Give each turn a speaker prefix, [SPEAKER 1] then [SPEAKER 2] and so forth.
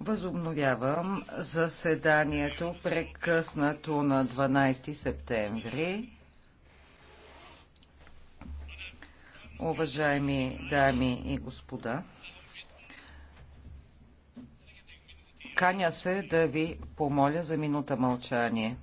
[SPEAKER 1] Възобновявам заседанието, прекъснато на 12 септември. Уважаеми дами и господа, каня се да ви помоля за минута мълчание.